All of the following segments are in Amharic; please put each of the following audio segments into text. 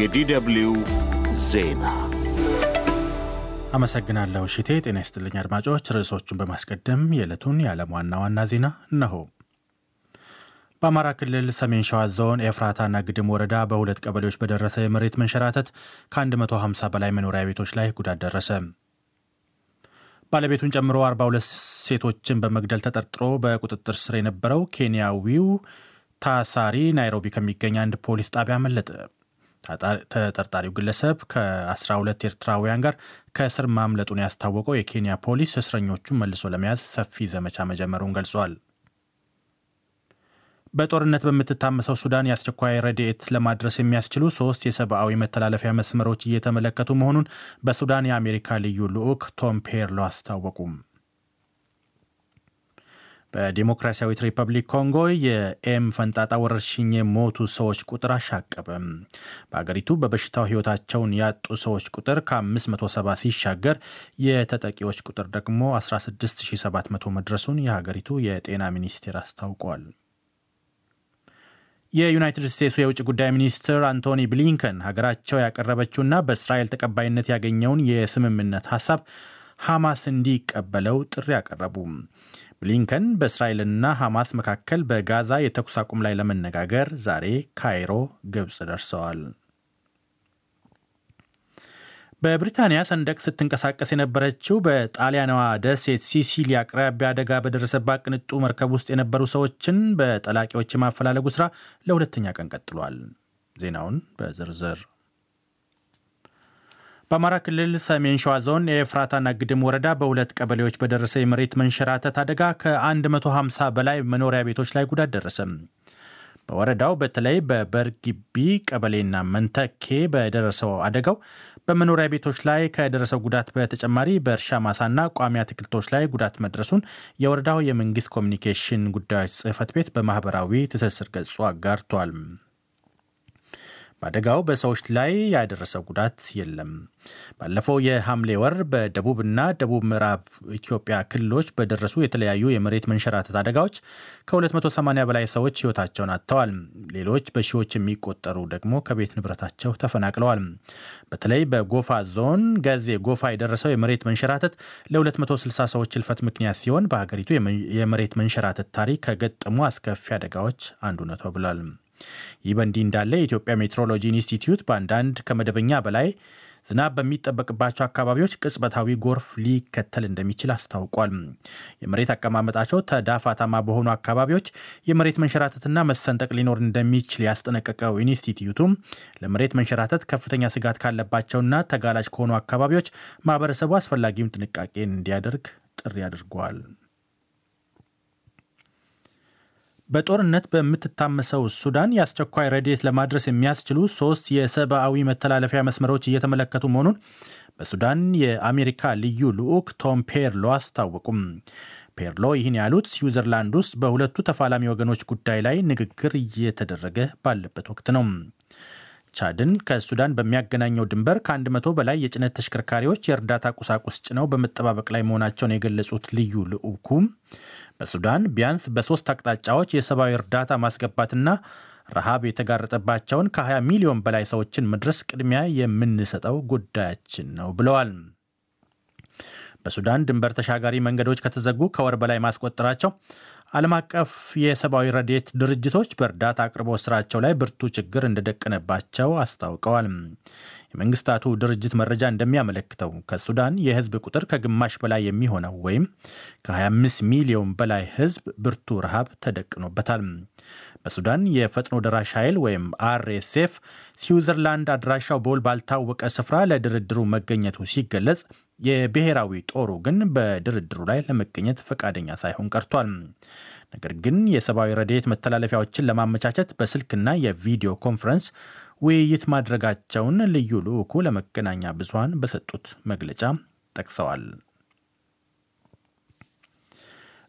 የዲደብሊው ዜና አመሰግናለሁ ሽቴ። ጤና ይስጥልኝ አድማጮች። ርዕሶቹን በማስቀደም የዕለቱን የዓለም ዋና ዋና ዜና እነሆ። በአማራ ክልል ሰሜን ሸዋ ዞን ኤፍራታና ግድም ወረዳ በሁለት ቀበሌዎች በደረሰ የመሬት መንሸራተት ከ150 በላይ መኖሪያ ቤቶች ላይ ጉዳት ደረሰ። ባለቤቱን ጨምሮ 42 ሴቶችን በመግደል ተጠርጥሮ በቁጥጥር ስር የነበረው ኬንያዊው ታሳሪ ናይሮቢ ከሚገኝ አንድ ፖሊስ ጣቢያ መለጠ። ተጠርጣሪው ግለሰብ ከ12 ኤርትራውያን ጋር ከእስር ማምለጡን ያስታወቀው የኬንያ ፖሊስ እስረኞቹን መልሶ ለመያዝ ሰፊ ዘመቻ መጀመሩን ገልጿል። በጦርነት በምትታመሰው ሱዳን የአስቸኳይ ረድኤት ለማድረስ የሚያስችሉ ሶስት የሰብአዊ መተላለፊያ መስመሮች እየተመለከቱ መሆኑን በሱዳን የአሜሪካ ልዩ ልዑክ ቶም ፔርሎ አስታወቁም። በዲሞክራሲያዊት ሪፐብሊክ ኮንጎ የኤም ፈንጣጣ ወረርሽኝ የሞቱ ሰዎች ቁጥር አሻቀበ። በአገሪቱ በበሽታው ህይወታቸውን ያጡ ሰዎች ቁጥር ከ570 ሲሻገር የተጠቂዎች ቁጥር ደግሞ 16700 መድረሱን የሀገሪቱ የጤና ሚኒስቴር አስታውቋል። የዩናይትድ ስቴትሱ የውጭ ጉዳይ ሚኒስትር አንቶኒ ብሊንከን ሀገራቸው ያቀረበችውና በእስራኤል ተቀባይነት ያገኘውን የስምምነት ሀሳብ ሐማስ እንዲቀበለው ጥሪ አቀረቡ። ብሊንከን በእስራኤልና ሐማስ መካከል በጋዛ የተኩስ አቁም ላይ ለመነጋገር ዛሬ ካይሮ ግብፅ ደርሰዋል። በብሪታንያ ሰንደቅ ስትንቀሳቀስ የነበረችው በጣሊያናዋ ደሴት ሲሲሊ አቅራቢያ አደጋ በደረሰባት ቅንጡ መርከብ ውስጥ የነበሩ ሰዎችን በጠላቂዎች የማፈላለጉ ስራ ለሁለተኛ ቀን ቀጥሏል። ዜናውን በዝርዝር በአማራ ክልል ሰሜን ሸዋ ዞን የኤፍራታና ግድም ወረዳ በሁለት ቀበሌዎች በደረሰ የመሬት መንሸራተት አደጋ ከ150 በላይ መኖሪያ ቤቶች ላይ ጉዳት ደረሰ። በወረዳው በተለይ በበርጊቢ ቀበሌና መንተኬ በደረሰው አደጋው በመኖሪያ ቤቶች ላይ ከደረሰው ጉዳት በተጨማሪ በእርሻ ማሳና ቋሚ አትክልቶች ላይ ጉዳት መድረሱን የወረዳው የመንግስት ኮሚኒኬሽን ጉዳዮች ጽህፈት ቤት በማህበራዊ ትስስር ገጹ አጋርቷል። በአደጋው በሰዎች ላይ ያደረሰው ጉዳት የለም። ባለፈው የሐምሌ ወር በደቡብና ደቡብ ምዕራብ ኢትዮጵያ ክልሎች በደረሱ የተለያዩ የመሬት መንሸራተት አደጋዎች ከ280 በላይ ሰዎች ሕይወታቸውን አጥተዋል። ሌሎች በሺዎች የሚቆጠሩ ደግሞ ከቤት ንብረታቸው ተፈናቅለዋል። በተለይ በጎፋ ዞን ገዜ ጎፋ የደረሰው የመሬት መንሸራተት ለ260 ሰዎች ሕልፈት ምክንያት ሲሆን በሀገሪቱ የመሬት መንሸራተት ታሪክ ከገጠሙ አስከፊ አደጋዎች አንዱ ነው ተብሏል። ይህ በእንዲህ እንዳለ የኢትዮጵያ ሜትሮሎጂ ኢንስቲትዩት በአንዳንድ ከመደበኛ በላይ ዝናብ በሚጠበቅባቸው አካባቢዎች ቅጽበታዊ ጎርፍ ሊከተል እንደሚችል አስታውቋል። የመሬት አቀማመጣቸው ተዳፋታማ በሆኑ አካባቢዎች የመሬት መንሸራተትና መሰንጠቅ ሊኖር እንደሚችል ያስጠነቀቀው ኢንስቲትዩቱም ለመሬት መንሸራተት ከፍተኛ ስጋት ካለባቸውና ተጋላጭ ከሆኑ አካባቢዎች ማህበረሰቡ አስፈላጊውን ጥንቃቄ እንዲያደርግ ጥሪ አድርጓል። በጦርነት በምትታመሰው ሱዳን የአስቸኳይ ረድኤት ለማድረስ የሚያስችሉ ሶስት የሰብአዊ መተላለፊያ መስመሮች እየተመለከቱ መሆኑን በሱዳን የአሜሪካ ልዩ ልዑክ ቶም ፔርሎ አስታወቁም። ፔርሎ ይህን ያሉት ስዊዘርላንድ ውስጥ በሁለቱ ተፋላሚ ወገኖች ጉዳይ ላይ ንግግር እየተደረገ ባለበት ወቅት ነው። ቻድን ከሱዳን በሚያገናኘው ድንበር ከ100 በላይ የጭነት ተሽከርካሪዎች የእርዳታ ቁሳቁስ ጭነው በመጠባበቅ ላይ መሆናቸውን የገለጹት ልዩ ልዑኩ በሱዳን ቢያንስ በሶስት አቅጣጫዎች የሰብአዊ እርዳታ ማስገባትና ረሃብ የተጋረጠባቸውን ከ20 ሚሊዮን በላይ ሰዎችን መድረስ ቅድሚያ የምንሰጠው ጉዳያችን ነው ብለዋል። በሱዳን ድንበር ተሻጋሪ መንገዶች ከተዘጉ ከወር በላይ ማስቆጠራቸው ዓለም አቀፍ የሰብአዊ ረዴት ድርጅቶች በእርዳታ አቅርቦት ስራቸው ላይ ብርቱ ችግር እንደደቀነባቸው አስታውቀዋል። የመንግስታቱ ድርጅት መረጃ እንደሚያመለክተው ከሱዳን የህዝብ ቁጥር ከግማሽ በላይ የሚሆነው ወይም ከ25 ሚሊዮን በላይ ህዝብ ብርቱ ረሃብ ተደቅኖበታል። በሱዳን የፈጥኖ ደራሽ ኃይል ወይም አርኤስኤፍ ስዊዘርላንድ አድራሻው በውል ባልታወቀ ስፍራ ለድርድሩ መገኘቱ ሲገለጽ የብሔራዊ ጦሩ ግን በድርድሩ ላይ ለመገኘት ፈቃደኛ ሳይሆን ቀርቷል። ነገር ግን የሰብአዊ ረድኤት መተላለፊያዎችን ለማመቻቸት በስልክና የቪዲዮ ኮንፈረንስ ውይይት ማድረጋቸውን ልዩ ልዑኩ ለመገናኛ ብዙሃን በሰጡት መግለጫ ጠቅሰዋል።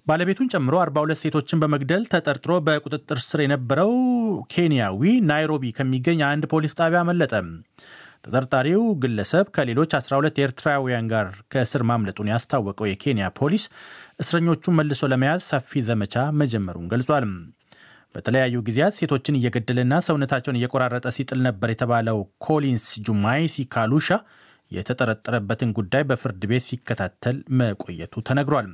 ባለቤቱን ጨምሮ 42 ሴቶችን በመግደል ተጠርጥሮ በቁጥጥር ስር የነበረው ኬንያዊ ናይሮቢ ከሚገኝ አንድ ፖሊስ ጣቢያ መለጠ ተጠርጣሪው ግለሰብ ከሌሎች 12 ኤርትራውያን ጋር ከእስር ማምለጡን ያስታወቀው የኬንያ ፖሊስ እስረኞቹን መልሶ ለመያዝ ሰፊ ዘመቻ መጀመሩን ገልጿል። በተለያዩ ጊዜያት ሴቶችን እየገደለና ሰውነታቸውን እየቆራረጠ ሲጥል ነበር የተባለው ኮሊንስ ጁማይሲ ካሉሻ የተጠረጠረበትን ጉዳይ በፍርድ ቤት ሲከታተል መቆየቱ ተነግሯል።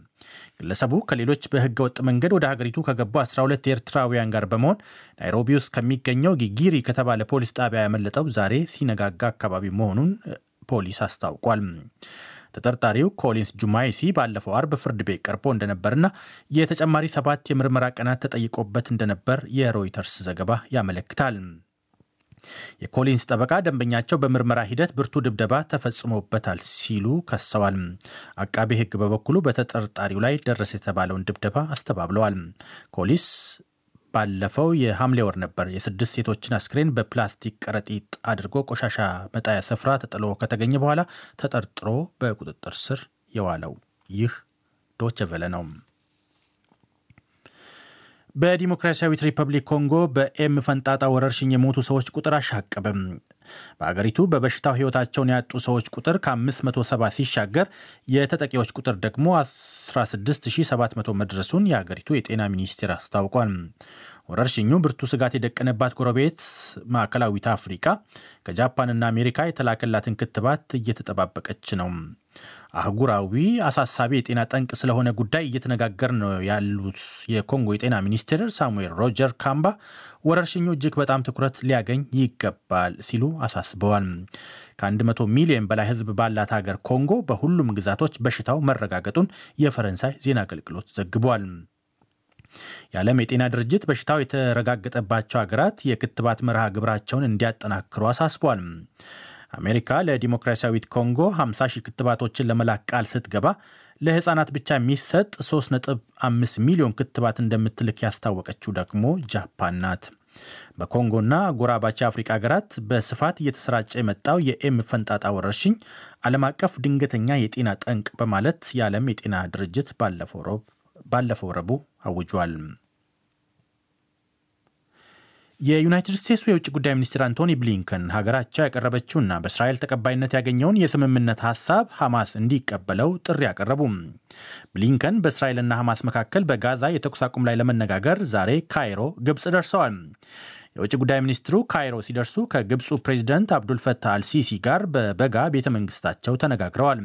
ግለሰቡ ከሌሎች በህገ ወጥ መንገድ ወደ ሀገሪቱ ከገቡ 12 ኤርትራውያን ጋር በመሆን ናይሮቢ ውስጥ ከሚገኘው ጊጊሪ ከተባለ ፖሊስ ጣቢያ ያመለጠው ዛሬ ሲነጋጋ አካባቢ መሆኑን ፖሊስ አስታውቋል። ተጠርጣሪው ኮሊንስ ጁማይሲ ባለፈው አርብ ፍርድ ቤት ቀርቦ እንደነበርና የተጨማሪ ሰባት የምርመራ ቀናት ተጠይቆበት እንደነበር የሮይተርስ ዘገባ ያመለክታል። የኮሊንስ ጠበቃ ደንበኛቸው በምርመራ ሂደት ብርቱ ድብደባ ተፈጽሞበታል ሲሉ ከሰዋል። አቃቤ ሕግ በበኩሉ በተጠርጣሪው ላይ ደረሰ የተባለውን ድብደባ አስተባብለዋል። ኮሊንስ ባለፈው የሐምሌ ወር ነበር የስድስት ሴቶችን አስክሬን በፕላስቲክ ከረጢት አድርጎ ቆሻሻ መጣያ ስፍራ ተጥሎ ከተገኘ በኋላ ተጠርጥሮ በቁጥጥር ስር የዋለው። ይህ ዶቸቨለ ነው። በዲሞክራሲያዊት ሪፐብሊክ ኮንጎ በኤም ፈንጣጣ ወረርሽኝ የሞቱ ሰዎች ቁጥር አሻቅብም። በአገሪቱ በበሽታው ሕይወታቸውን ያጡ ሰዎች ቁጥር ከ570 ሲሻገር የተጠቂዎች ቁጥር ደግሞ 16700 መድረሱን የአገሪቱ የጤና ሚኒስቴር አስታውቋል። ወረርሽኙ ብርቱ ስጋት የደቀነባት ጎረቤት ማዕከላዊት አፍሪካ ከጃፓንና አሜሪካ የተላከላትን ክትባት እየተጠባበቀች ነው። አህጉራዊ አሳሳቢ የጤና ጠንቅ ስለሆነ ጉዳይ እየተነጋገር ነው ያሉት የኮንጎ የጤና ሚኒስትር ሳሙኤል ሮጀር ካምባ ወረርሽኙ እጅግ በጣም ትኩረት ሊያገኝ ይገባል ሲሉ አሳስበዋል። ከ100 ሚሊዮን በላይ ሕዝብ ባላት ሀገር ኮንጎ በሁሉም ግዛቶች በሽታው መረጋገጡን የፈረንሳይ ዜና አገልግሎት ዘግቧል። የዓለም የጤና ድርጅት በሽታው የተረጋገጠባቸው ሀገራት የክትባት መርሃ ግብራቸውን እንዲያጠናክሩ አሳስቧል። አሜሪካ ለዲሞክራሲያዊት ኮንጎ 50 ሺህ ክትባቶችን ለመላክ ቃል ስትገባ ለህፃናት ብቻ የሚሰጥ 3.5 ሚሊዮን ክትባት እንደምትልክ ያስታወቀችው ደግሞ ጃፓን ናት። በኮንጎና ጎራባች አፍሪቃ ሀገራት በስፋት እየተሰራጨ የመጣው የኤም ፈንጣጣ ወረርሽኝ ዓለም አቀፍ ድንገተኛ የጤና ጠንቅ በማለት የዓለም የጤና ድርጅት ባለፈው ሮብ ባለፈው ረቡዕ አውጇል። የዩናይትድ ስቴትሱ የውጭ ጉዳይ ሚኒስትር አንቶኒ ብሊንከን ሀገራቸው ያቀረበችውና በእስራኤል ተቀባይነት ያገኘውን የስምምነት ሀሳብ ሐማስ እንዲቀበለው ጥሪ አቀረቡ። ብሊንከን በእስራኤልና ሐማስ መካከል በጋዛ የተኩስ አቁም ላይ ለመነጋገር ዛሬ ካይሮ ግብፅ ደርሰዋል። የውጭ ጉዳይ ሚኒስትሩ ካይሮ ሲደርሱ ከግብፁ ፕሬዚደንት አብዱልፈታህ አልሲሲ ጋር በበጋ ቤተ መንግስታቸው ተነጋግረዋል።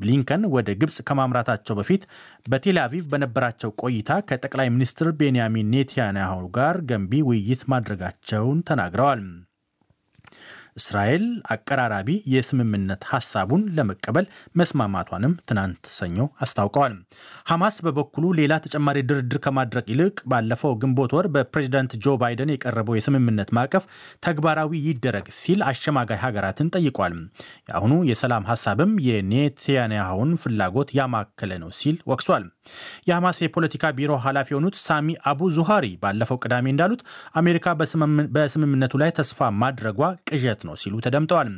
ብሊንከን ወደ ግብፅ ከማምራታቸው በፊት በቴል አቪቭ በነበራቸው ቆይታ ከጠቅላይ ሚኒስትር ቤንያሚን ኔታንያሁ ጋር ገንቢ ውይይት ማድረጋቸውን ተናግረዋል። እስራኤል አቀራራቢ የስምምነት ሀሳቡን ለመቀበል መስማማቷንም ትናንት ሰኞ አስታውቀዋል። ሐማስ በበኩሉ ሌላ ተጨማሪ ድርድር ከማድረግ ይልቅ ባለፈው ግንቦት ወር በፕሬዚዳንት ጆ ባይደን የቀረበው የስምምነት ማዕቀፍ ተግባራዊ ይደረግ ሲል አሸማጋይ ሀገራትን ጠይቋል። የአሁኑ የሰላም ሀሳብም የኔታንያሁን ፍላጎት ያማከለ ነው ሲል ወቅሷል። የሐማስ የፖለቲካ ቢሮ ኃላፊ የሆኑት ሳሚ አቡ ዙሃሪ ባለፈው ቅዳሜ እንዳሉት አሜሪካ በስምምነቱ ላይ ተስፋ ማድረጓ ቅዠት ማለት ነው ሲሉ ተደምጠዋል።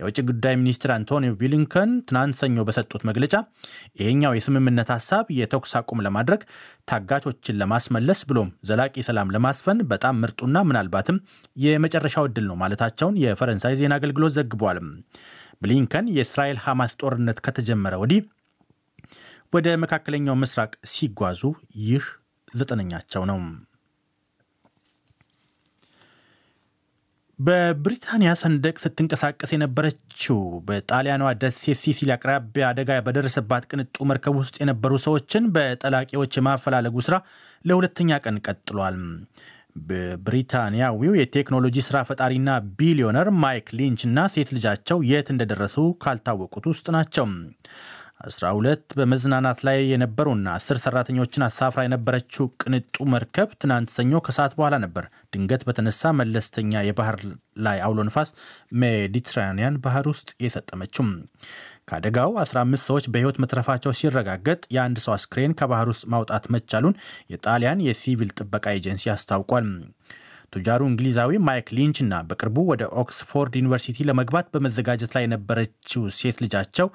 የውጭ ጉዳይ ሚኒስትር አንቶኒዮ ብሊንከን ትናንት ሰኞ በሰጡት መግለጫ ይሄኛው የስምምነት ሀሳብ የተኩስ አቁም ለማድረግ ታጋቾችን ለማስመለስ ብሎም ዘላቂ ሰላም ለማስፈን በጣም ምርጡና ምናልባትም የመጨረሻው እድል ነው ማለታቸውን የፈረንሳይ ዜና አገልግሎት ዘግቧል። ብሊንከን የእስራኤል ሐማስ ጦርነት ከተጀመረ ወዲህ ወደ መካከለኛው ምስራቅ ሲጓዙ ይህ ዘጠነኛቸው ነው። በብሪታንያ ሰንደቅ ስትንቀሳቀስ የነበረችው በጣሊያኗ ደሴ ሲሲሊ አቅራቢያ አደጋ በደረሰባት ቅንጡ መርከብ ውስጥ የነበሩ ሰዎችን በጠላቂዎች የማፈላለጉ ስራ ለሁለተኛ ቀን ቀጥሏል። በብሪታንያዊው የቴክኖሎጂ ስራ ፈጣሪና ቢሊዮነር ማይክ ሊንች እና ሴት ልጃቸው የት እንደደረሱ ካልታወቁት ውስጥ ናቸው። ሁለት በመዝናናት ላይ የነበሩና አስር ሰራተኞችን አሳፍራ የነበረችው ቅንጡ መርከብ ትናንት ሰኞ ከሰዓት በኋላ ነበር ድንገት በተነሳ መለስተኛ የባህር ላይ አውሎ ንፋስ ሜዲትራኒያን ባህር ውስጥ የሰጠመችው። ከአደጋው 15 ሰዎች በሕይወት መትረፋቸው ሲረጋገጥ የአንድ ሰው አስክሬን ከባህር ውስጥ ማውጣት መቻሉን የጣሊያን የሲቪል ጥበቃ ኤጀንሲ አስታውቋል። ቱጃሩ እንግሊዛዊ ማይክ ሊንች እና በቅርቡ ወደ ኦክስፎርድ ዩኒቨርሲቲ ለመግባት በመዘጋጀት ላይ የነበረችው ሴት ልጃቸው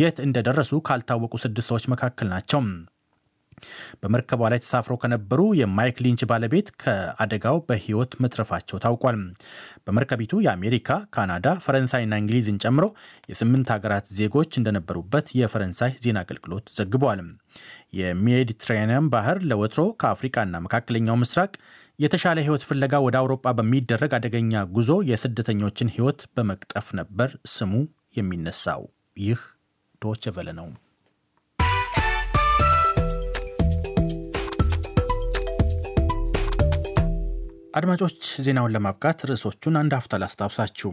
የት እንደደረሱ ካልታወቁ ስድስት ሰዎች መካከል ናቸው። በመርከቧ ላይ ተሳፍሮ ከነበሩ የማይክ ሊንች ባለቤት ከአደጋው በህይወት መትረፋቸው ታውቋል። በመርከቢቱ የአሜሪካ፣ ካናዳ፣ ፈረንሳይና እንግሊዝን ጨምሮ የስምንት ሀገራት ዜጎች እንደነበሩበት የፈረንሳይ ዜና አገልግሎት ዘግቧል። የሜዲትራኒያን ባህር ለወትሮ ከአፍሪቃና መካከለኛው ምስራቅ የተሻለ ህይወት ፍለጋ ወደ አውሮጳ በሚደረግ አደገኛ ጉዞ የስደተኞችን ህይወት በመቅጠፍ ነበር ስሙ የሚነሳው። ይህ ዶቸ ነው። አድማጮች ዜናውን ለማብቃት ርዕሶቹን አንድ አፍታ ላስታውሳችሁ።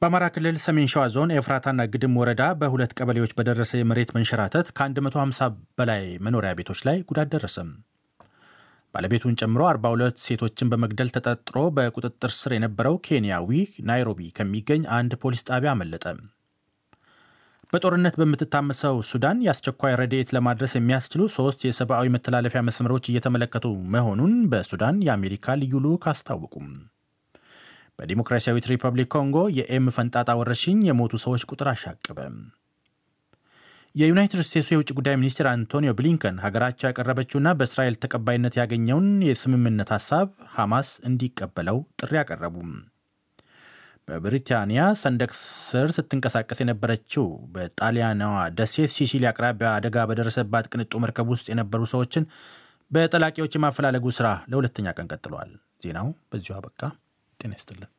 በአማራ ክልል ሰሜን ሸዋ ዞን ኤፍራታና ግድም ወረዳ በሁለት ቀበሌዎች በደረሰ የመሬት መንሸራተት ከ150 በላይ መኖሪያ ቤቶች ላይ ጉዳት ደረሰም። ባለቤቱን ጨምሮ 42 ሴቶችን በመግደል ተጠርጥሮ በቁጥጥር ስር የነበረው ኬንያዊ ናይሮቢ ከሚገኝ አንድ ፖሊስ ጣቢያ አመለጠ። በጦርነት በምትታመሰው ሱዳን የአስቸኳይ ረድኤት ለማድረስ የሚያስችሉ ሶስት የሰብአዊ መተላለፊያ መስመሮች እየተመለከቱ መሆኑን በሱዳን የአሜሪካ ልዩ ልዑክ አስታወቁም። በዲሞክራሲያዊት ሪፐብሊክ ኮንጎ የኤም ፈንጣጣ ወረርሽኝ የሞቱ ሰዎች ቁጥር አሻቀበ። የዩናይትድ ስቴትሱ የውጭ ጉዳይ ሚኒስትር አንቶኒዮ ብሊንከን ሀገራቸው ያቀረበችውና በእስራኤል ተቀባይነት ያገኘውን የስምምነት ሀሳብ ሐማስ እንዲቀበለው ጥሪ አቀረቡም። በብሪታንያ ሰንደቅ ስር ስትንቀሳቀስ የነበረችው በጣሊያናዋ ደሴት ሲሲሊ አቅራቢያ አደጋ በደረሰባት ቅንጡ መርከብ ውስጥ የነበሩ ሰዎችን በጠላቂዎች የማፈላለጉ ስራ ለሁለተኛ ቀን ቀጥሏል። ዜናው በዚሁ አበቃ። ጤና ይስጥልን።